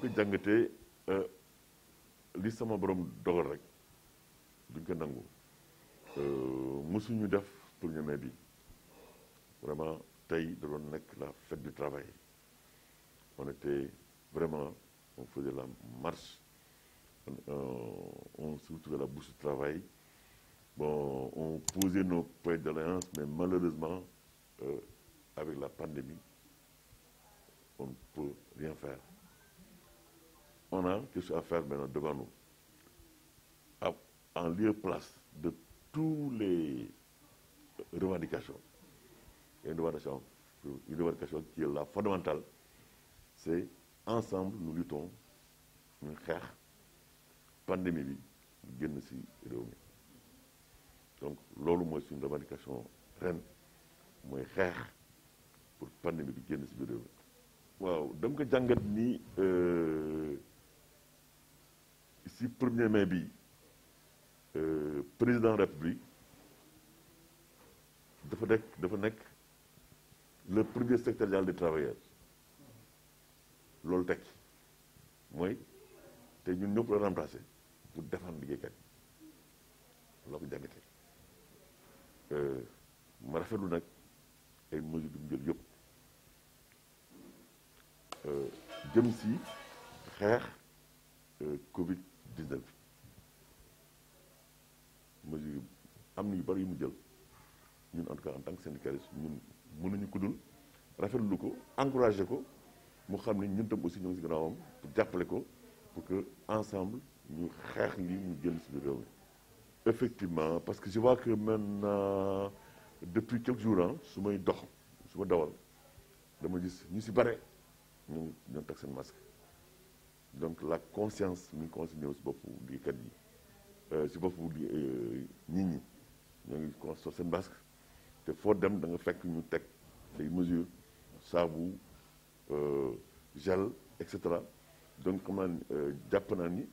ko jàngatee euh, li sama borom dogal rek duñ nangu euh, mësuñu def pour ñu may bi vraiment tey da nekk la fête du travail on était vraiment on faisait la marche on euh, se retrouvait la bourse du travail bon on posait nos points d'alliance mais malheureusement avec la pandémie on peut rien faire on a quelque chose à faire maintenant devant nous. À, ah, en lieu place de tous les revendications. une revendication, une revendication la fondamentale. C'est ensemble nous luttons ñu xeex pandémie bi génn ci réew mi donc loolu mooy suñu revendication ren mooy xeex pour pandémie bi génn ci biir réew mi waaw dama ko jàngat ni euh, ci premier mai bi euh, président république dafa nekk dafa nekk le premier secteur général des travailleurs loolu teg mooy te ñun ñëpp la remplacé pour défendre liggéeykat loo ko jàngate euh, ma rafetlu nag ay mesures yu mu jël euh, jëm si xeex Covid 2019 mesures am na yu bari yu mu jël ñun en que cas en tant que syndicaliste ñun mënuñu ko dul rafetlu ko encouragé ko mu xam ne ñun tam aussi ñoo ngi jàppale ko pour que ensemble ñu xeex lii mu jël si biir réew mi effectivement parce que je vois que maintenant depuis quelques jours ah su may dox su ma dawal dama gis ñu si bare ñu ñoo teg seen masque donc la conscience mi ngi consommé wu si boppu liggéeykat yi euh, si boppu euh, nit ñi ñoo ngi consommé seen basque te foo dem da nga fekk ñu teg ay mesures saabu euh, gel et cetera donc xam naa ne jàpp naa ni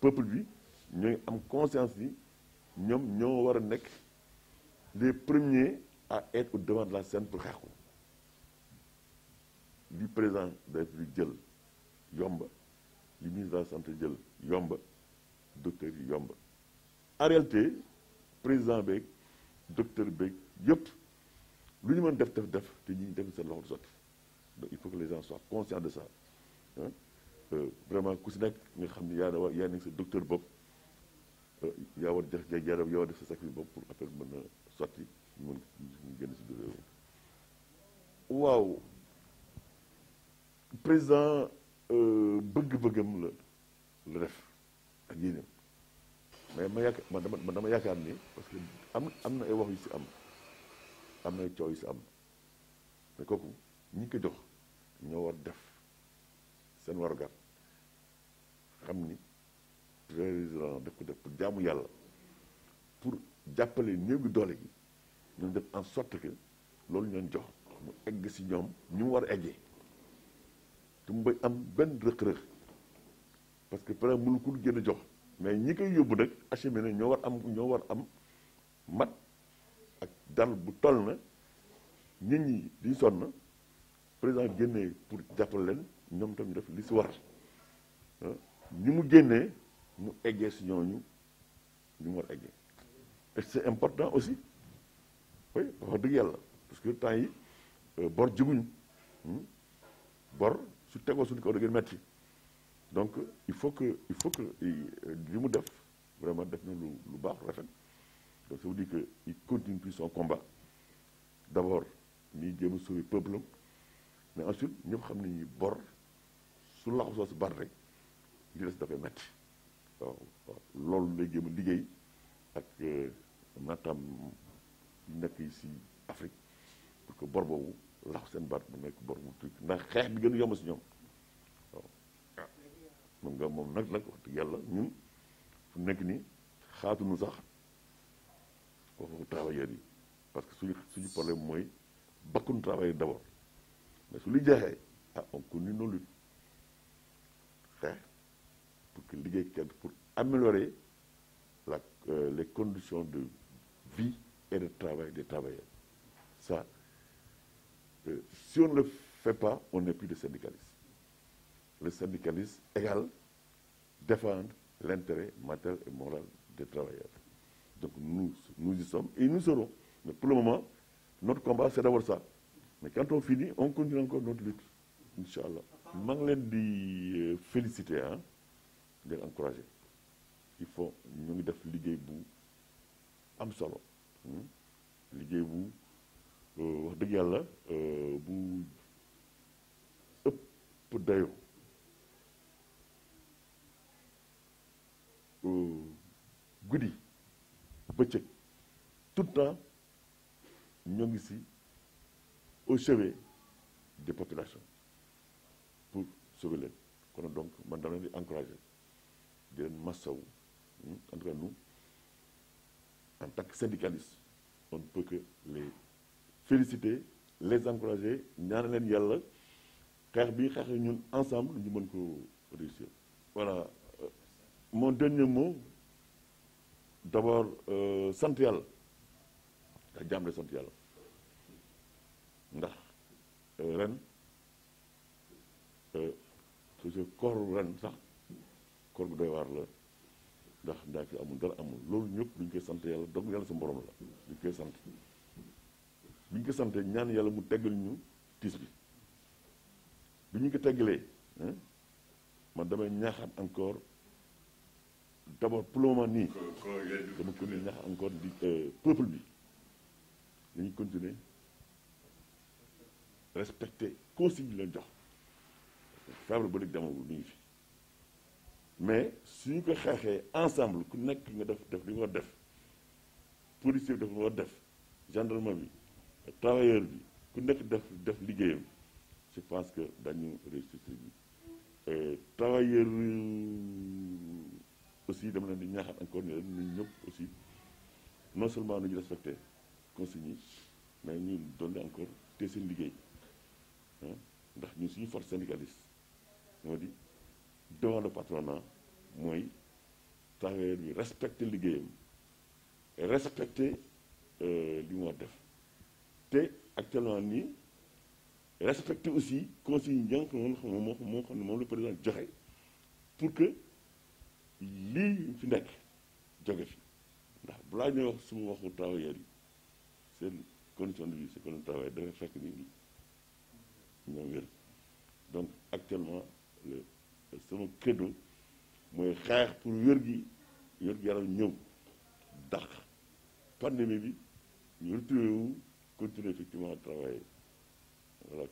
peuple bi ñooy am conscience ni ñoom ñoo war a nekk les premier à être au devant de la scène pour xeex ko li président de République jël. yomba li ministre de la santé jël yomb docteur yi yomba en réalité président beeg docteur beeg yëpp lu ñu mën def def def te ñi def seen loxo du sotti donc il faut que les gens soient conscients de ça hein euh, vraiment ku si nekk nga xam ne yaa na wa yaa nekk sa docteur bopp euh, yaa war def yaa war def sa sacrifice bopp pour affaire mën a sotti ñu mën ñu génn si biir réew waaw président Euh, bëgg-bëggam la la def ak yéenam mais ma yaakaar man dama man dama yaakaar ni parce que am am na ay wax yu si am am na ay coow yu si am mais kooku ñi ko jox ñoo war def seen warugar xam ni président daf ko def pour jaamu yàlla pour jàppale néegu doole gi ñu def en sorte que loolu ñoon jox mu egg si ñoom ñu mu war a eggee te mu bañ am benn rëq-rëq parce que par exemple mënu ko gën a jox mais ñi koy yóbbu nag acheminé ñoo war am ñoo war am mat ak dal bu toll na nit ñi di sonn président génnee pour jàppal leen ñoom tam ñu def li si war ñu ah, mu génnee mu eggee si ñooñu ñu mu war eggee et c'est important aussi oui wax dëgg yàlla parce que temps yi euh, bor jiguñu hmm? bor su tegoo suñu kaw da ngeen metti donc il faut que il faut que euh, li mu def vraiment def na lu lu baax rafet donc ça veut dire que il continue plus son combat d' abord ñuy jéem a sauver peuple mais ensuite xam nañu bor su laxu soo si bar rek li des dafay metti loolu lay jéem liggéey ak naataam euh, yi nekk si Afrique pour que bor boobu lax seen baat bu nekk bor mu tuuti ndax xeex bi gën yomb si ñoom mun nga moom nag nag wax dëgg yàlla ñun fu nekk nii xaatuñu sax foofu travailleurs yi parce que suñu suñu problème mooy bakkun travailleurs d'abord mais su li jeexee ah on continue nos luttes xeex pour que liggéeykat pour améliorer la euh, les conditions de vie et de travail des travailleurs euh, si on ne le pas, on n'est plus de syndicalisme. Le syndicalisme égale défendre l'intérêt matériel et moral des travailleurs. Donc nous, nous y sommes et nous serons. Mais pour le moment, notre combat, c'est d'avoir ça. Mais quand on finit, on continue encore notre lutte. Inch'Allah. maa ngi leen di euh, féliciter ah di leen il faut ñu ngi def liggéey bu am solo hmm, liggéey bu Euh, wax dëgg yàlla euh, bu ëpp dayo euh, guddi bëccëg tout temps ñoo ngi si au chevet des populations pour sauver leen kon donc man dama leen di encourager di leen massaw hmm? en tout en tant que syndicalistes on ne que les féliciter les encourager ñaan leen yàlla xeex bi xeex ñun ensemble ñu mën koo réussir voilà euh, mon dernier mot d'abord euh, sant yàlla ndax jàmm de sant yàlla ndax euh, ren toujours koor ren sax koor gu doy waar la ndax ndaa ki amul dara amul loolu ñëpp duñ koy sant yàlla donc yàlla sa mborom la duñ koy sant bu ñu ko ñaan yàlla mu teggal ñu tiis bi bu ñu ko teggalee man damay ñaaxaat encore d'abord pour le moment nii dama continuer ñaax encore di euh, peuple bi dañuy continuer respecter consigne bi leen jox feebar ba dëgg demagul mi ngi fi mais suñu ko xeexee ensemble ku nekk nga def def li nga war def policier bi def nga war def gendarme bi travailleur bi ku nekk def def liggéeyam je pense que dañu réussir bi travailleur aussi dama leen di ñaaxaat encore ne ñun ñëpp aussi non seulement nañu respecté consignes yi mais ñu donne encore te seen liggéey ndax ñun suñu force syndicaliste moo di devant le patronat mooy travailleur bi respecté liggéeyam respecté euh, li mu war def te actuellement nii respecté aussi conseil yi njàng moom moo moo xam ne moom la président joxe pour que lii fi nekk joge fi ndax balaa ñuy wax suma waxu travailleurs yi seen condition de vie seen condition de fekk ni ñoom wér donc actuellement sama credo mooy xeex pour wér gi wér gi yaram ñëw dàq pandémie bi ñu retrouvé continuer effectivement à travailler. Voilà.